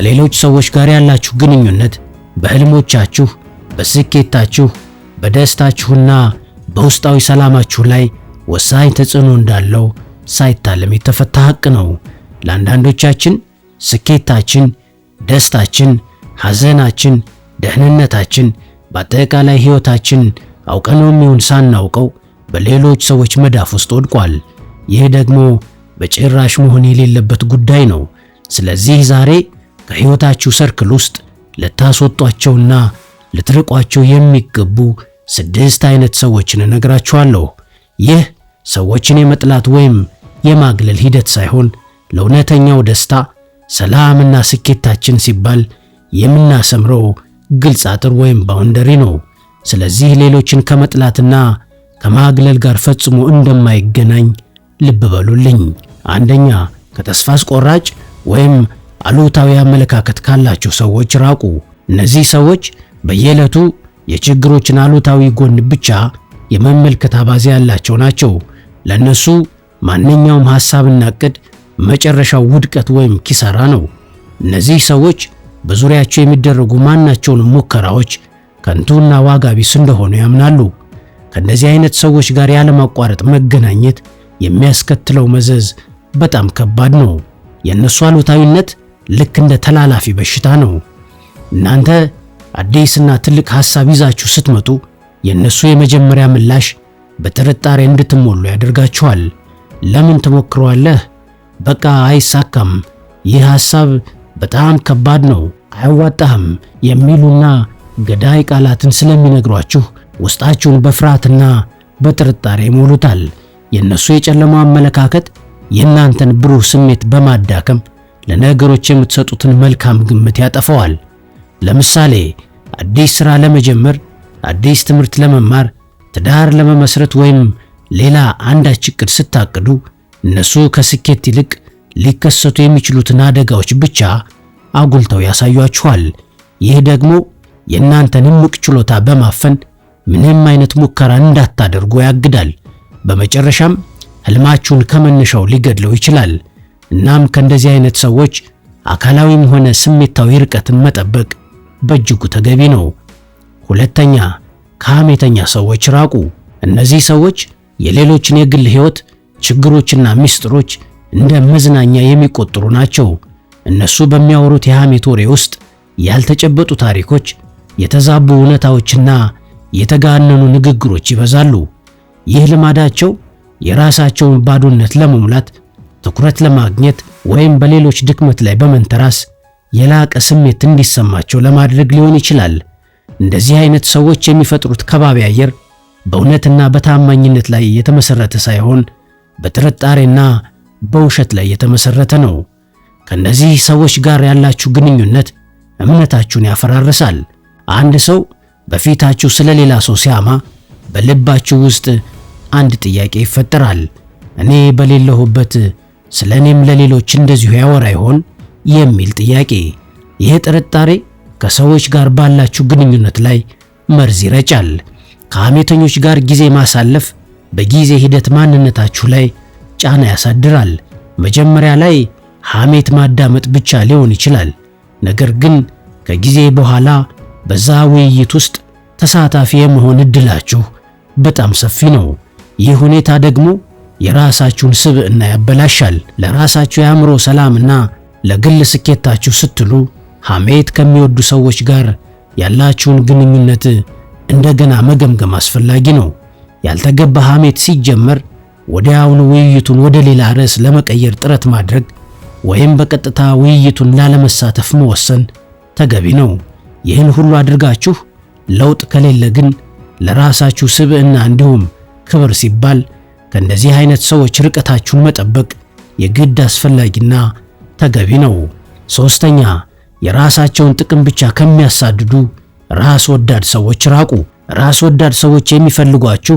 ከሌሎች ሰዎች ጋር ያላችሁ ግንኙነት በህልሞቻችሁ፣ በስኬታችሁ፣ በደስታችሁና በውስጣዊ ሰላማችሁ ላይ ወሳኝ ተጽዕኖ እንዳለው ሳይታለም የተፈታ ሐቅ ነው። ለአንዳንዶቻችን ስኬታችን፣ ደስታችን፣ ሐዘናችን፣ ደህንነታችን፣ በአጠቃላይ ሕይወታችን አውቀነው የሚሆን ሳናውቀው በሌሎች ሰዎች መዳፍ ውስጥ ወድቋል። ይህ ደግሞ በጭራሽ መሆን የሌለበት ጉዳይ ነው። ስለዚህ ዛሬ ከሕይወታችሁ ሰርክል ውስጥ ልታስወጧቸውና ልትርቋቸው የሚገቡ ስድስት አይነት ሰዎችን እነግራችኋለሁ። ይህ ሰዎችን የመጥላት ወይም የማግለል ሂደት ሳይሆን ለእውነተኛው ደስታ፣ ሰላምና ስኬታችን ሲባል የምናሰምረው ግልጽ አጥር ወይም ባውንደሪ ነው። ስለዚህ ሌሎችን ከመጥላትና ከማግለል ጋር ፈጽሞ እንደማይገናኝ ልብ በሉልኝ። አንደኛ ከተስፋ አስቆራጭ ወይም አሉታዊ አመለካከት ካላቸው ሰዎች ራቁ። እነዚህ ሰዎች በየዕለቱ የችግሮችን አሉታዊ ጎን ብቻ የመመልከት አባዜ ያላቸው ናቸው። ለነሱ ማንኛውም ሐሳብና ዕቅድ መጨረሻው ውድቀት ወይም ኪሳራ ነው። እነዚህ ሰዎች በዙሪያቸው የሚደረጉ ማናቸውንም ሙከራዎች ከንቱና ዋጋ ቢስ እንደሆነ ያምናሉ። ከእነዚህ አይነት ሰዎች ጋር ያለማቋረጥ መገናኘት የሚያስከትለው መዘዝ በጣም ከባድ ነው። የእነሱ አሉታዊነት ልክ እንደ ተላላፊ በሽታ ነው። እናንተ አዲስና ትልቅ ሐሳብ ይዛችሁ ስትመጡ የእነሱ የመጀመሪያ ምላሽ በጥርጣሬ እንድትሞሉ ያደርጋችኋል። ለምን ትሞክረዋለህ? በቃ አይሳካም፣ ይህ ሐሳብ በጣም ከባድ ነው፣ አያዋጣህም የሚሉና ገዳይ ቃላትን ስለሚነግሯችሁ ውስጣችሁን በፍርሃትና በጥርጣሬ ይሞሉታል። የእነሱ የጨለማ አመለካከት የእናንተን ብሩህ ስሜት በማዳከም ለነገሮች የምትሰጡትን መልካም ግምት ያጠፈዋል። ለምሳሌ አዲስ ሥራ ለመጀመር፣ አዲስ ትምህርት ለመማር፣ ትዳር ለመመስረት ወይም ሌላ አንዳች እቅድ ስታቅዱ እነሱ ከስኬት ይልቅ ሊከሰቱ የሚችሉትን አደጋዎች ብቻ አጉልተው ያሳያችኋል። ይህ ደግሞ የእናንተን እምቅ ችሎታ በማፈን ምንም አይነት ሙከራ እንዳታደርጉ ያግዳል። በመጨረሻም ህልማችሁን ከመነሻው ሊገድለው ይችላል። እናም ከእንደዚህ አይነት ሰዎች አካላዊም ሆነ ስሜታዊ ርቀትን መጠበቅ በእጅጉ ተገቢ ነው። ሁለተኛ፣ ከሐሜተኛ ሰዎች ራቁ። እነዚህ ሰዎች የሌሎችን የግል ሕይወት ችግሮችና ምስጢሮች እንደ መዝናኛ የሚቆጥሩ ናቸው። እነሱ በሚያወሩት የሐሜት ወሬ ውስጥ ያልተጨበጡ ታሪኮች፣ የተዛቡ እውነታዎችና የተጋነኑ ንግግሮች ይበዛሉ። ይህ ልማዳቸው የራሳቸውን ባዶነት ለመሙላት ትኩረት ለማግኘት ወይም በሌሎች ድክመት ላይ በመንተራስ የላቀ ስሜት እንዲሰማቸው ለማድረግ ሊሆን ይችላል። እንደዚህ አይነት ሰዎች የሚፈጥሩት ከባቢ አየር በእውነትና በታማኝነት ላይ የተመሰረተ ሳይሆን በጥርጣሬና በውሸት ላይ የተመሰረተ ነው። ከነዚህ ሰዎች ጋር ያላችሁ ግንኙነት እምነታችሁን ያፈራርሳል። አንድ ሰው በፊታችሁ ስለ ሌላ ሰው ሲያማ በልባችሁ ውስጥ አንድ ጥያቄ ይፈጠራል። እኔ በሌለሁበት ስለ እኔም ለሌሎች እንደዚሁ ያወራ ይሆን የሚል ጥያቄ። ይህ ጥርጣሬ ከሰዎች ጋር ባላችሁ ግንኙነት ላይ መርዝ ይረጫል። ከሐሜተኞች ጋር ጊዜ ማሳለፍ በጊዜ ሂደት ማንነታችሁ ላይ ጫና ያሳድራል። መጀመሪያ ላይ ሐሜት ማዳመጥ ብቻ ሊሆን ይችላል። ነገር ግን ከጊዜ በኋላ በዛ ውይይት ውስጥ ተሳታፊ የመሆን እድላችሁ በጣም ሰፊ ነው። ይህ ሁኔታ ደግሞ የራሳችሁን ስብዕና ያበላሻል። ለራሳችሁ የአእምሮ ሰላምና ለግል ስኬታችሁ ስትሉ ሐሜት ከሚወዱ ሰዎች ጋር ያላችሁን ግንኙነት እንደገና መገምገም አስፈላጊ ነው። ያልተገባ ሐሜት ሲጀመር ወዲያውኑ ውይይቱን ወደ ሌላ ርዕስ ለመቀየር ጥረት ማድረግ ወይም በቀጥታ ውይይቱን ላለመሳተፍ መወሰን ተገቢ ነው። ይህን ሁሉ አድርጋችሁ ለውጥ ከሌለ ግን ለራሳችሁ ስብዕና እንዲሁም ክብር ሲባል ከእንደዚህ አይነት ሰዎች ርቀታችሁን መጠበቅ የግድ አስፈላጊና ተገቢ ነው። ሶስተኛ፣ የራሳቸውን ጥቅም ብቻ ከሚያሳድዱ ራስ ወዳድ ሰዎች ራቁ። ራስ ወዳድ ሰዎች የሚፈልጓችሁ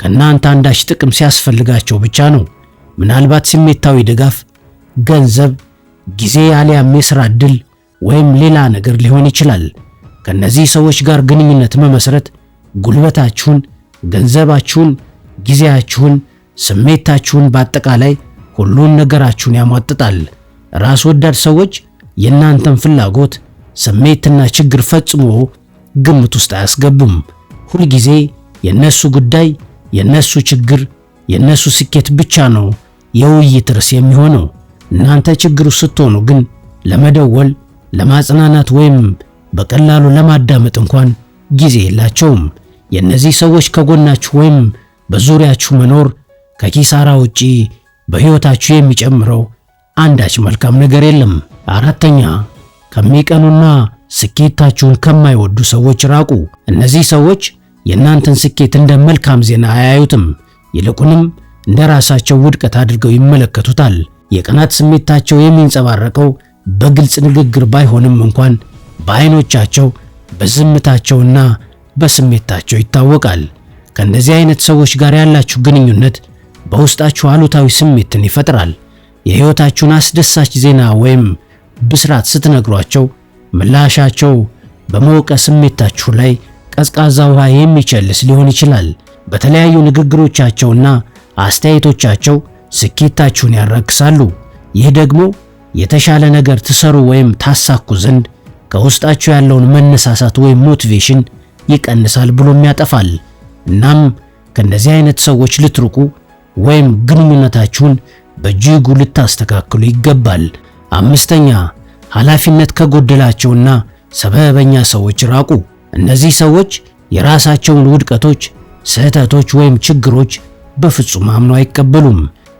ከእናንተ አንዳች ጥቅም ሲያስፈልጋቸው ብቻ ነው። ምናልባት ስሜታዊ ድጋፍ፣ ገንዘብ፣ ጊዜ አሊያም የሥራ ዕድል ወይም ሌላ ነገር ሊሆን ይችላል። ከእነዚህ ሰዎች ጋር ግንኙነት መመስረት ጉልበታችሁን፣ ገንዘባችሁን ጊዜያችሁን፣ ስሜታችሁን፣ በአጠቃላይ ሁሉን ነገራችሁን ያሟጥጣል። ራስ ወዳድ ሰዎች የእናንተን ፍላጎት፣ ስሜትና ችግር ፈጽሞ ግምት ውስጥ አያስገቡም። ሁልጊዜ የነሱ ጉዳይ፣ የነሱ ችግር፣ የነሱ ስኬት ብቻ ነው የውይይት ርዕስ የሚሆነው። እናንተ ችግሩ ስትሆኑ ግን ለመደወል፣ ለማጽናናት ወይም በቀላሉ ለማዳመጥ እንኳን ጊዜ የላቸውም። የእነዚህ ሰዎች ከጎናችሁ ወይም በዙሪያችሁ መኖር ከኪሳራ ውጪ በሕይወታችሁ የሚጨምረው አንዳች መልካም ነገር የለም። አራተኛ ከሚቀኑና ስኬታችሁን ከማይወዱ ሰዎች ራቁ። እነዚህ ሰዎች የእናንተን ስኬት እንደ መልካም ዜና አያዩትም፣ ይልቁንም እንደ ራሳቸው ውድቀት አድርገው ይመለከቱታል። የቅናት ስሜታቸው የሚንጸባረቀው በግልጽ ንግግር ባይሆንም እንኳን በዓይኖቻቸው፣ በዝምታቸውና በስሜታቸው ይታወቃል። ከእንደዚህ አይነት ሰዎች ጋር ያላችሁ ግንኙነት በውስጣችሁ አሉታዊ ስሜትን ይፈጥራል። የህይወታችሁን አስደሳች ዜና ወይም ብስራት ስትነግሯቸው ምላሻቸው በመወቀ ስሜታችሁ ላይ ቀዝቃዛ ውሃ የሚቸልስ ሊሆን ይችላል። በተለያዩ ንግግሮቻቸውና አስተያየቶቻቸው ስኬታችሁን ያረክሳሉ። ይህ ደግሞ የተሻለ ነገር ትሰሩ ወይም ታሳኩ ዘንድ ከውስጣችሁ ያለውን መነሳሳት ወይም ሞቲቬሽን ይቀንሳል ብሎም ያጠፋል። እናም ከእንደዚህ አይነት ሰዎች ልትርቁ ወይም ግንኙነታችሁን በእጅጉ ልታስተካክሉ ይገባል። አምስተኛ ኃላፊነት ከጎደላቸውና ሰበበኛ ሰዎች ራቁ። እነዚህ ሰዎች የራሳቸውን ውድቀቶች፣ ስህተቶች ወይም ችግሮች በፍጹም አምነው አይቀበሉም።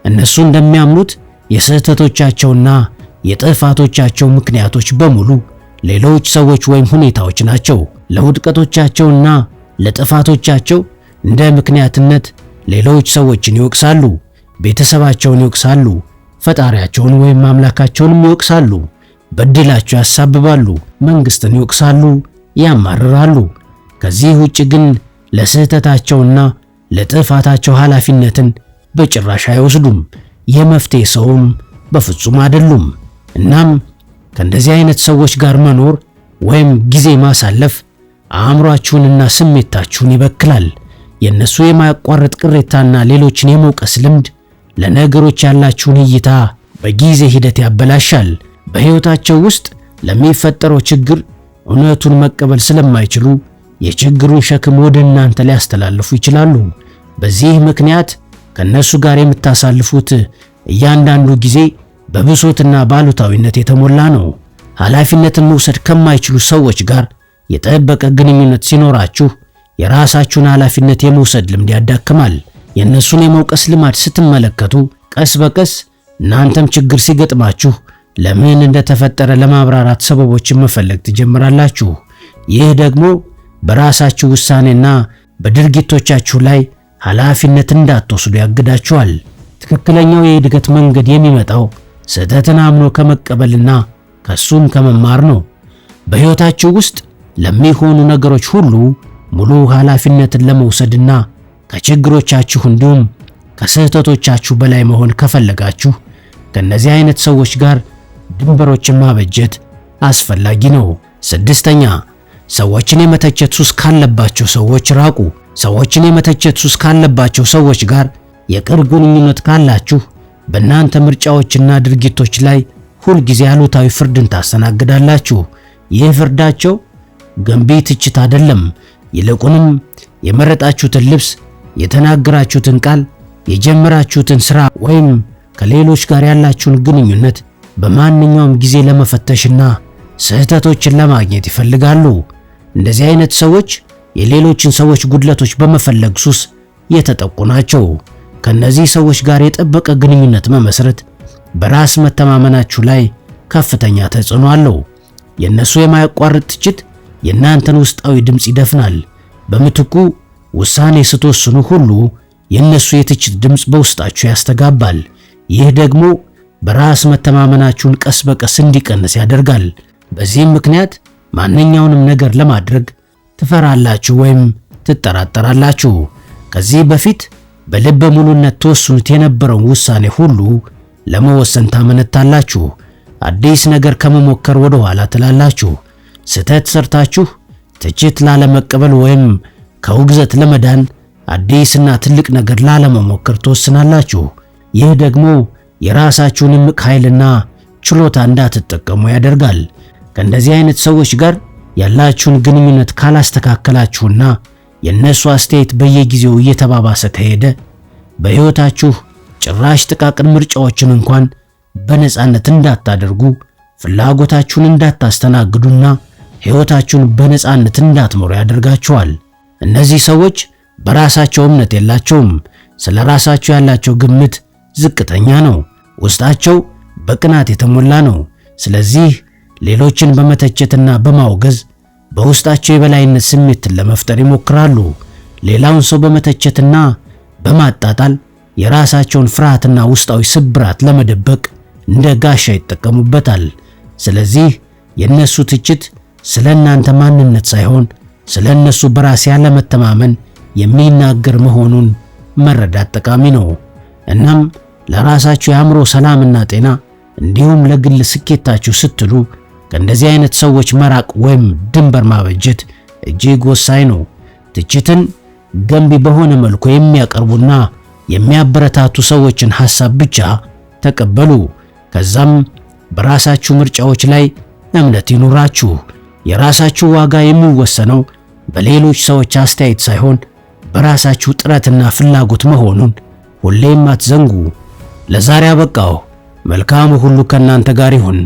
እነሱ እንደሚያምኑት የስህተቶቻቸውና የጥፋቶቻቸው ምክንያቶች በሙሉ ሌሎች ሰዎች ወይም ሁኔታዎች ናቸው። ለውድቀቶቻቸውና ለጥፋቶቻቸው እንደ ምክንያትነት ሌሎች ሰዎችን ይወቅሳሉ፣ ቤተሰባቸውን ይወቅሳሉ፣ ፈጣሪያቸውን ወይም አምላካቸውንም ይወቅሳሉ፣ በድላቸው ያሳብባሉ፣ መንግስትን ይወቅሳሉ፣ ያማርራሉ። ከዚህ ውጭ ግን ለስህተታቸውና ለጥፋታቸው ኃላፊነትን በጭራሽ አይወስዱም። የመፍትሄ ሰውም በፍጹም አይደሉም። እናም ከእንደዚህ አይነት ሰዎች ጋር መኖር ወይም ጊዜ ማሳለፍ አእምሯችሁንና ስሜታችሁን ይበክላል። የእነሱ የማያቋርጥ ቅሬታና ሌሎችን የመውቀስ ልምድ ለነገሮች ያላችሁን እይታ በጊዜ ሂደት ያበላሻል። በሕይወታቸው ውስጥ ለሚፈጠረው ችግር እውነቱን መቀበል ስለማይችሉ የችግሩን ሸክም ወደ እናንተ ሊያስተላልፉ ይችላሉ። በዚህ ምክንያት ከእነሱ ጋር የምታሳልፉት እያንዳንዱ ጊዜ በብሶትና ባሉታዊነት የተሞላ ነው። ኃላፊነትን መውሰድ ከማይችሉ ሰዎች ጋር የጠበቀ ግንኙነት ሲኖራችሁ የራሳችሁን ኃላፊነት የመውሰድ ልምድ ያዳክማል። የእነሱን የመውቀስ ልማድ ስትመለከቱ ቀስ በቀስ እናንተም ችግር ሲገጥማችሁ ለምን እንደተፈጠረ ለማብራራት ሰበቦችን መፈለግ ትጀምራላችሁ። ይህ ደግሞ በራሳችሁ ውሳኔና በድርጊቶቻችሁ ላይ ኃላፊነት እንዳትወስዱ ያግዳችኋል። ትክክለኛው የእድገት መንገድ የሚመጣው ስህተትን አምኖ ከመቀበልና ከሱም ከመማር ነው። በሕይወታችሁ ውስጥ ለሚሆኑ ነገሮች ሁሉ ሙሉ ኃላፊነትን ለመውሰድና ከችግሮቻችሁ እንዲሁም ከስህተቶቻችሁ በላይ መሆን ከፈለጋችሁ ከእነዚህ አይነት ሰዎች ጋር ድንበሮችን ማበጀት አስፈላጊ ነው። ስድስተኛ ሰዎችን የመተቸት ሱስ ካለባቸው ሰዎች ራቁ። ሰዎችን የመተቸት ሱስ ካለባቸው ሰዎች ጋር የቅርብ ግንኙነት ካላችሁ በእናንተ ምርጫዎችና ድርጊቶች ላይ ጊዜ አሉታዊ ፍርድን ታስተናግዳላችሁ። ይህ ፍርዳቸው ገንቢ ትችት አይደለም። ይልቁንም የመረጣችሁትን ልብስ፣ የተናገራችሁትን ቃል፣ የጀመራችሁትን ሥራ ወይም ከሌሎች ጋር ያላችሁን ግንኙነት በማንኛውም ጊዜ ለመፈተሽና ስህተቶችን ለማግኘት ይፈልጋሉ። እንደዚህ አይነት ሰዎች የሌሎችን ሰዎች ጉድለቶች በመፈለግ ሱስ የተጠቁ ናቸው። ከነዚህ ሰዎች ጋር የጠበቀ ግንኙነት መመስረት በራስ መተማመናችሁ ላይ ከፍተኛ ተጽዕኖ አለው። የነሱ የማያቋርጥ ትችት የእናንተን ውስጣዊ ድምፅ ይደፍናል። በምትኩ ውሳኔ ስትወስኑ ሁሉ የእነሱ የትችት ድምፅ በውስጣችሁ ያስተጋባል። ይህ ደግሞ በራስ መተማመናችሁን ቀስ በቀስ እንዲቀንስ ያደርጋል። በዚህም ምክንያት ማንኛውንም ነገር ለማድረግ ትፈራላችሁ ወይም ትጠራጠራላችሁ። ከዚህ በፊት በልበ ሙሉነት ተወስኑት የነበረውን ውሳኔ ሁሉ ለመወሰን ታመነታላችሁ። አዲስ ነገር ከመሞከር ወደ ኋላ ትላላችሁ። ስህተት ሰርታችሁ ትችት ላለመቀበል ወይም ከውግዘት ለመዳን አዲስና ትልቅ ነገር ላለመሞከር ትወስናላችሁ። ይህ ደግሞ የራሳችሁን እምቅ ኃይልና ችሎታ እንዳትጠቀሙ ያደርጋል። ከእንደዚህ አይነት ሰዎች ጋር ያላችሁን ግንኙነት ካላስተካከላችሁና የእነሱ አስተያየት በየጊዜው እየተባባሰ ከሄደ በሕይወታችሁ ጭራሽ ጥቃቅን ምርጫዎችን እንኳን በነፃነት እንዳታደርጉ፣ ፍላጎታችሁን እንዳታስተናግዱና ሕይወታችሁን በነፃነት እንዳትኖሩ ያደርጋችኋል። እነዚህ ሰዎች በራሳቸው እምነት የላቸውም። ስለ ራሳቸው ያላቸው ግምት ዝቅተኛ ነው። ውስጣቸው በቅናት የተሞላ ነው። ስለዚህ ሌሎችን በመተቸትና በማውገዝ በውስጣቸው የበላይነት ስሜትን ለመፍጠር ይሞክራሉ። ሌላውን ሰው በመተቸትና በማጣጣል የራሳቸውን ፍርሃትና ውስጣዊ ስብራት ለመደበቅ እንደ ጋሻ ይጠቀሙበታል። ስለዚህ የእነሱ ትችት ስለ እናንተ ማንነት ሳይሆን ስለ እነሱ በራስ ያለመተማመን የሚናገር መሆኑን መረዳት ጠቃሚ ነው። እናም ለራሳችሁ የአእምሮ ሰላምና ጤና እንዲሁም ለግል ስኬታችሁ ስትሉ ከእንደዚህ አይነት ሰዎች መራቅ ወይም ድንበር ማበጀት እጅግ ወሳኝ ነው። ትችትን ገንቢ በሆነ መልኩ የሚያቀርቡና የሚያበረታቱ ሰዎችን ሐሳብ ብቻ ተቀበሉ። ከዛም በራሳችሁ ምርጫዎች ላይ እምነት ይኑራችሁ። የራሳችሁ ዋጋ የሚወሰነው በሌሎች ሰዎች አስተያየት ሳይሆን በራሳችሁ ጥረትና ፍላጎት መሆኑን ሁሌም አትዘንጉ። ለዛሬ አበቃው። መልካም ሁሉ ከእናንተ ጋር ይሁን።